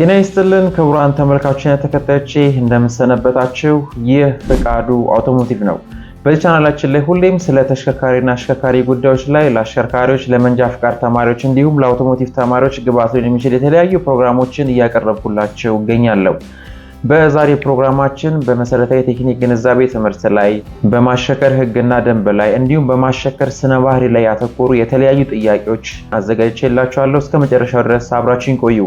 ጤና ይስጥልን ክቡራን ተመልካቾችና ተከታዮቼ እንደምንሰነበታችሁ። ይህ ፍቃዱ አውቶሞቲቭ ነው። በዚህ ቻናላችን ላይ ሁሌም ስለ ተሽከርካሪና አሽከርካሪ ጉዳዮች ላይ ለአሽከርካሪዎች፣ ለመንጃ ፍቃድ ተማሪዎች እንዲሁም ለአውቶሞቲቭ ተማሪዎች ግብዓት ሊሆን የሚችል የተለያዩ ፕሮግራሞችን እያቀረብኩላቸው እገኛለሁ። በዛሬ ፕሮግራማችን በመሰረታዊ ቴክኒክ ግንዛቤ ትምህርት ላይ በማሸከር ሕግና ደንብ ላይ እንዲሁም በማሸከር ስነ ባህሪ ላይ ያተኮሩ የተለያዩ ጥያቄዎች አዘጋጅቼላችኋለሁ። እስከ መጨረሻው ድረስ አብራችን ቆዩ።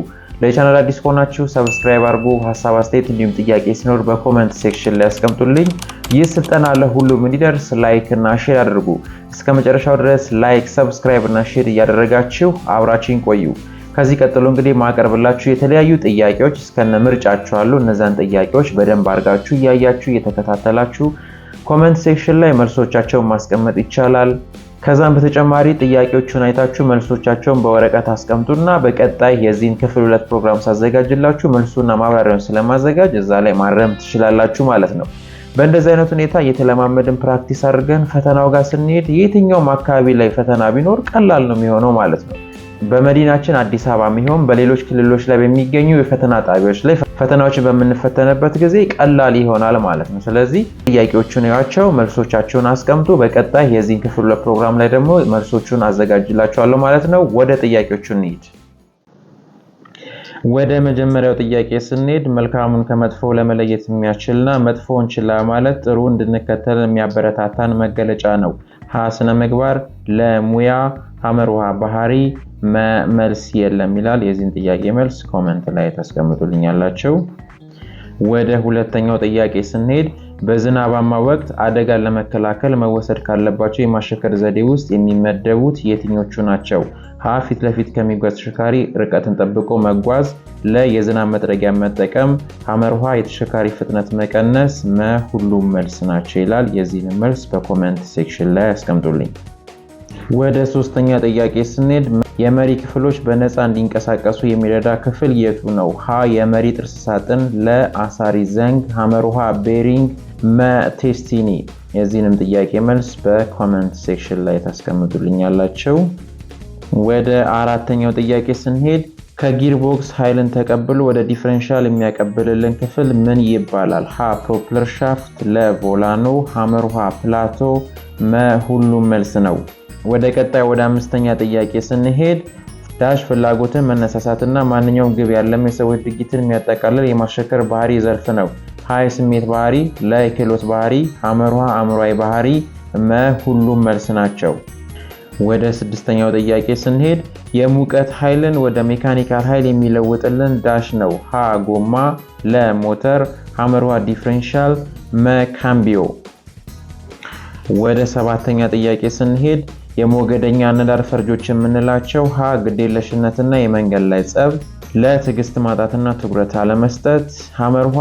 ለቻናል አዲስ ከሆናችሁ ሰብስክራይብ አድርጉ። ሀሳብ አስተያየት፣ እንዲሁም ጥያቄ ሲኖር በኮመንት ሴክሽን ላይ ያስቀምጡልኝ። ይህ ስልጠና ለሁሉም እንዲደርስ ላይክ እና ሼር አድርጉ። እስከ መጨረሻው ድረስ ላይክ፣ ሰብስክራይብ እና ሼር እያደረጋችሁ አብራችን ቆዩ። ከዚህ ቀጥሎ እንግዲህ ማቀርብላችሁ የተለያዩ ጥያቄዎች እስከነ ምርጫችሁ አሉ። እነዛን ጥያቄዎች በደንብ አድርጋችሁ እያያችሁ እየተከታተላችሁ ኮመንት ሴክሽን ላይ መልሶቻቸውን ማስቀመጥ ይቻላል። ከዛም በተጨማሪ ጥያቄዎቹን አይታችሁ መልሶቻቸውን በወረቀት አስቀምጡና በቀጣይ የዚህን ክፍል ሁለት ፕሮግራም ሳዘጋጅላችሁ መልሱና ማብራሪያውን ስለማዘጋጅ እዛ ላይ ማረም ትችላላችሁ ማለት ነው። በእንደዚህ አይነት ሁኔታ እየተለማመድን ፕራክቲስ አድርገን ፈተናው ጋር ስንሄድ የትኛውም አካባቢ ላይ ፈተና ቢኖር ቀላል ነው የሚሆነው ማለት ነው። በመዲናችን አዲስ አበባ የሚሆን በሌሎች ክልሎች ላይ በሚገኙ የፈተና ጣቢያዎች ላይ ፈተናዎችን በምንፈተንበት ጊዜ ቀላል ይሆናል ማለት ነው። ስለዚህ ጥያቄዎቹን ያቸው መልሶቻቸውን አስቀምጡ። በቀጣይ የዚህን ክፍል ፕሮግራም ላይ ደግሞ መልሶቹን አዘጋጅላቸዋለሁ ማለት ነው። ወደ ጥያቄዎቹ እንሂድ። ወደ መጀመሪያው ጥያቄ ስንሄድ መልካሙን ከመጥፎ ለመለየት የሚያስችልና መጥፎውን ችላ ማለት ጥሩ እንድንከተል የሚያበረታታን መገለጫ ነው። ሀ ስነ ምግባር፣ ለሙያ ሀመርሃ ባህሪ መልስ የለም ይላል። የዚህን ጥያቄ መልስ ኮመንት ላይ ታስቀምጡልኛላቸው። ወደ ሁለተኛው ጥያቄ ስንሄድ በዝናባማ ወቅት አደጋን ለመከላከል መወሰድ ካለባቸው የማሸከር ዘዴ ውስጥ የሚመደቡት የትኞቹ ናቸው? ሀ ፊት ለፊት ከሚጓዝ ተሽከርካሪ ርቀትን ጠብቆ መጓዝ፣ ለ የዝናብ መጥረጊያ መጠቀም፣ ሐመርሃ የተሽከርካሪ ፍጥነት መቀነስ፣ መ ሁሉም መልስ ናቸው ይላል። የዚህን መልስ በኮመንት ሴክሽን ላይ አስቀምጡልኝ። ወደ ሶስተኛ ጥያቄ ስንሄድ የመሪ ክፍሎች በነፃ እንዲንቀሳቀሱ የሚረዳ ክፍል የቱ ነው? ሀ የመሪ ጥርስ ሳጥን፣ ለ አሳሪ ዘንግ፣ ውሃ ቤሪንግ፣ መ ቴስቲኒ። የዚህንም ጥያቄ መልስ በኮመንት ሴክሽን ላይ ታስቀምጡልኛላቸው። ወደ አራተኛው ጥያቄ ስንሄድ ከጊርቦክስ ኃይልን ተቀብሎ ወደ ዲፍረንሻል የሚያቀብልልን ክፍል ምን ይባላል? ሀ ፕሮፕለር ሻፍት፣ ለ ቮላኖ፣ ውሃ ፕላቶ፣ መ ሁሉም መልስ ነው። ወደ ቀጣይ ወደ አምስተኛ ጥያቄ ስንሄድ ዳሽ ፍላጎትን መነሳሳትና ማንኛውም ግብ ያለም የሰዎች ድርጊትን የሚያጠቃልል የማሸከር ባህሪ ዘርፍ ነው። ሀይ ስሜት ባህሪ፣ ላይ የክህሎት ባህሪ፣ ሐመርሃ አእምሯዊ ባህሪ፣ መ ሁሉም መልስ ናቸው። ወደ ስድስተኛው ጥያቄ ስንሄድ የሙቀት ኃይልን ወደ ሜካኒካል ኃይል የሚለውጥልን ዳሽ ነው። ሀ ጎማ፣ ለ ሞተር፣ ሐመርሃ ዲፍሬንሻል፣ መ ካምቢዮ። ወደ ሰባተኛ ጥያቄ ስንሄድ የሞገደኛ ንዳድ ፈርጆች የምንላቸው ሀ ግዴለሽነትና የመንገድ ላይ ጸብ፣ ለትዕግስት ማጣትና ትኩረት አለመስጠት፣ ሀመርኋ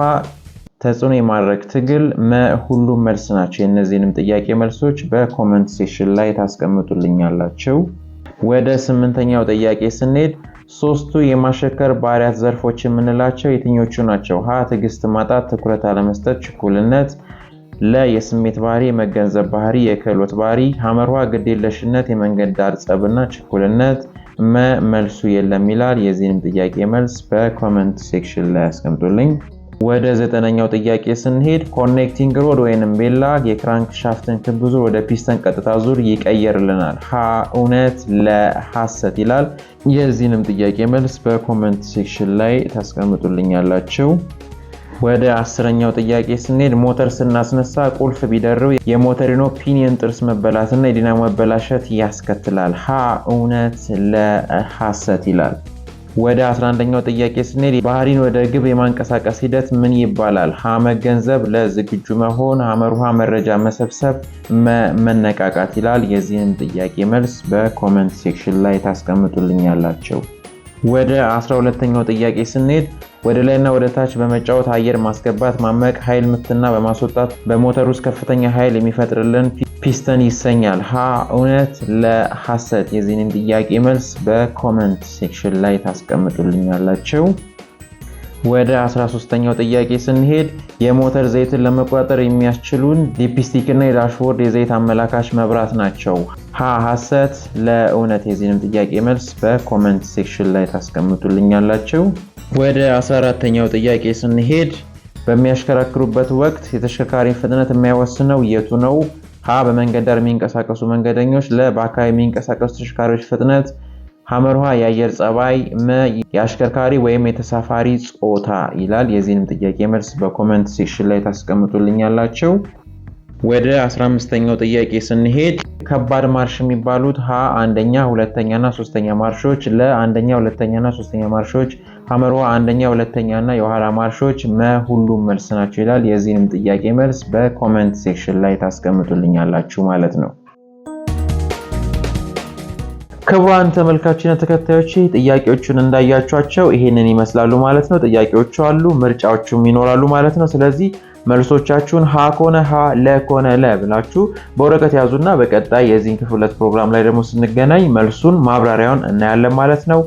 ተጽዕኖ የማድረግ ትግል፣ መ ሁሉም መልስ ናቸው። የእነዚህንም ጥያቄ መልሶች በኮመንት ሴሽን ላይ ታስቀምጡልኛላቸው። ወደ ስምንተኛው ጥያቄ ስንሄድ ሶስቱ የማሸከር ባህሪያት ዘርፎች የምንላቸው የትኞቹ ናቸው? ሀ ትዕግስት ማጣት፣ ትኩረት አለመስጠት፣ ችኩልነት ለ የስሜት ባህሪ፣ የመገንዘብ ባህሪ፣ የክህሎት ባህሪ። ሐመርሃ ግዴለሽነት፣ የመንገድ ዳር ጸብና ችኩልነት። መ መልሱ የለም ይላል። የዚህንም ጥያቄ መልስ በኮመንት ሴክሽን ላይ ያስቀምጡልኝ። ወደ ዘጠነኛው ጥያቄ ስንሄድ ኮኔክቲንግ ሮድ ወይንም ቤላ የክራንክ ሻፍትን ክብ ዙር ወደ ፒስተን ቀጥታ ዙር ይቀየርልናል። ሀ እውነት፣ ለሐሰት ይላል። የዚህንም ጥያቄ መልስ በኮመንት ሴክሽን ላይ ታስቀምጡልኛላቸው ወደ አስረኛው ጥያቄ ስንሄድ ሞተር ስናስነሳ ቁልፍ ቢደርብ የሞተሪኖ ፒኒየን ጥርስ መበላትና የዲናሞ መበላሸት ያስከትላል። ሀ እውነት ለሐሰት ይላል። ወደ 11ኛው ጥያቄ ስንሄድ ባህሪን ወደ ግብ የማንቀሳቀስ ሂደት ምን ይባላል? ሀ መገንዘብ፣ ለዝግጁ መሆን፣ ሀመርሃ መረጃ መሰብሰብ፣ መነቃቃት ይላል። የዚህን ጥያቄ መልስ በኮመንት ሴክሽን ላይ ታስቀምጡልኛላቸው። ወደ 12ኛው ጥያቄ ስንሄድ ወደ ላይና ወደ ታች በመጫወት አየር ማስገባት፣ ማመቅ፣ ኃይል ምትና በማስወጣት በሞተር ውስጥ ከፍተኛ ኃይል የሚፈጥርልን ፒስተን ይሰኛል። ሀ እውነት ለሐሰት? የዚህንን ጥያቄ መልስ በኮመንት ሴክሽን ላይ ታስቀምጡልኛላቸው። ወደ 13ኛው ጥያቄ ስንሄድ የሞተር ዘይትን ለመቆጣጠር የሚያስችሉን ዲፕስቲክ እና የዳሽቦርድ የዘይት አመላካች መብራት ናቸው። ሀ ሀሰት ለእውነት። የዚህንም ጥያቄ መልስ በኮመንት ሴክሽን ላይ ታስቀምጡልኛላችሁ። ወደ 14ኛው ጥያቄ ስንሄድ በሚያሽከረክሩበት ወቅት የተሽከርካሪ ፍጥነት የሚያወስነው የቱ ነው? ሀ በመንገድ ዳር የሚንቀሳቀሱ መንገደኞች፣ ለ በአካባቢ የሚንቀሳቀሱ ተሽከርካሪዎች ፍጥነት ሀመርሃ የአየር ጸባይ፣ መ የአሽከርካሪ ወይም የተሳፋሪ ጾታ ይላል። የዚህንም ጥያቄ መልስ በኮመንት ሴክሽን ላይ ታስቀምጡልኛላቸው። ወደ 15ኛው ጥያቄ ስንሄድ ከባድ ማርሽ የሚባሉት ሀ አንደኛ፣ ሁለተኛና ሶስተኛ ማርሾች፣ ለአንደኛ ሁለተኛና ሶስተኛ ማርሾች፣ ሀመርሃ አንደኛ፣ ሁለተኛና የኋላ ማርሾች፣ መ ሁሉም መልስ ናቸው ይላል። የዚህንም ጥያቄ መልስ በኮመንት ሴክሽን ላይ ታስቀምጡልኛላችሁ ማለት ነው። ክቡራን ተመልካችና ተከታዮች ጥያቄዎቹን እንዳያቸኋቸው ይሄንን ይመስላሉ ማለት ነው። ጥያቄዎቹ አሉ፣ ምርጫዎቹም ይኖራሉ ማለት ነው። ስለዚህ መልሶቻችሁን ሀ ኮነ ሀ ለ ኮነ ለ ብላችሁ በወረቀት ያዙና በቀጣይ የዚህን ክፍል ሁለት ፕሮግራም ላይ ደግሞ ስንገናኝ መልሱን ማብራሪያውን እናያለን ማለት ነው።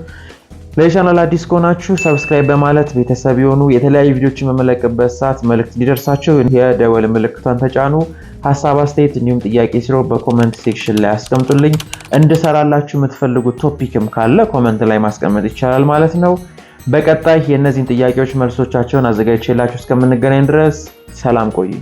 ለቻናል አዲስ ከሆናችሁ ሰብስክራይብ በማለት ቤተሰብ የሆኑ የተለያዩ ቪዲዮችን በመለቅበት ሰዓት መልእክት እንዲደርሳቸው የደወል ምልክቷን ተጫኑ። ሀሳብ አስተያየት፣ እንዲሁም ጥያቄ ሲሮ በኮመንት ሴክሽን ላይ አስቀምጡልኝ። እንድሰራላችሁ የምትፈልጉት ቶፒክም ካለ ኮመንት ላይ ማስቀመጥ ይቻላል ማለት ነው። በቀጣይ የእነዚህን ጥያቄዎች መልሶቻቸውን አዘጋጅቼላችሁ እስከምንገናኝ ድረስ ሰላም ቆዩኝ።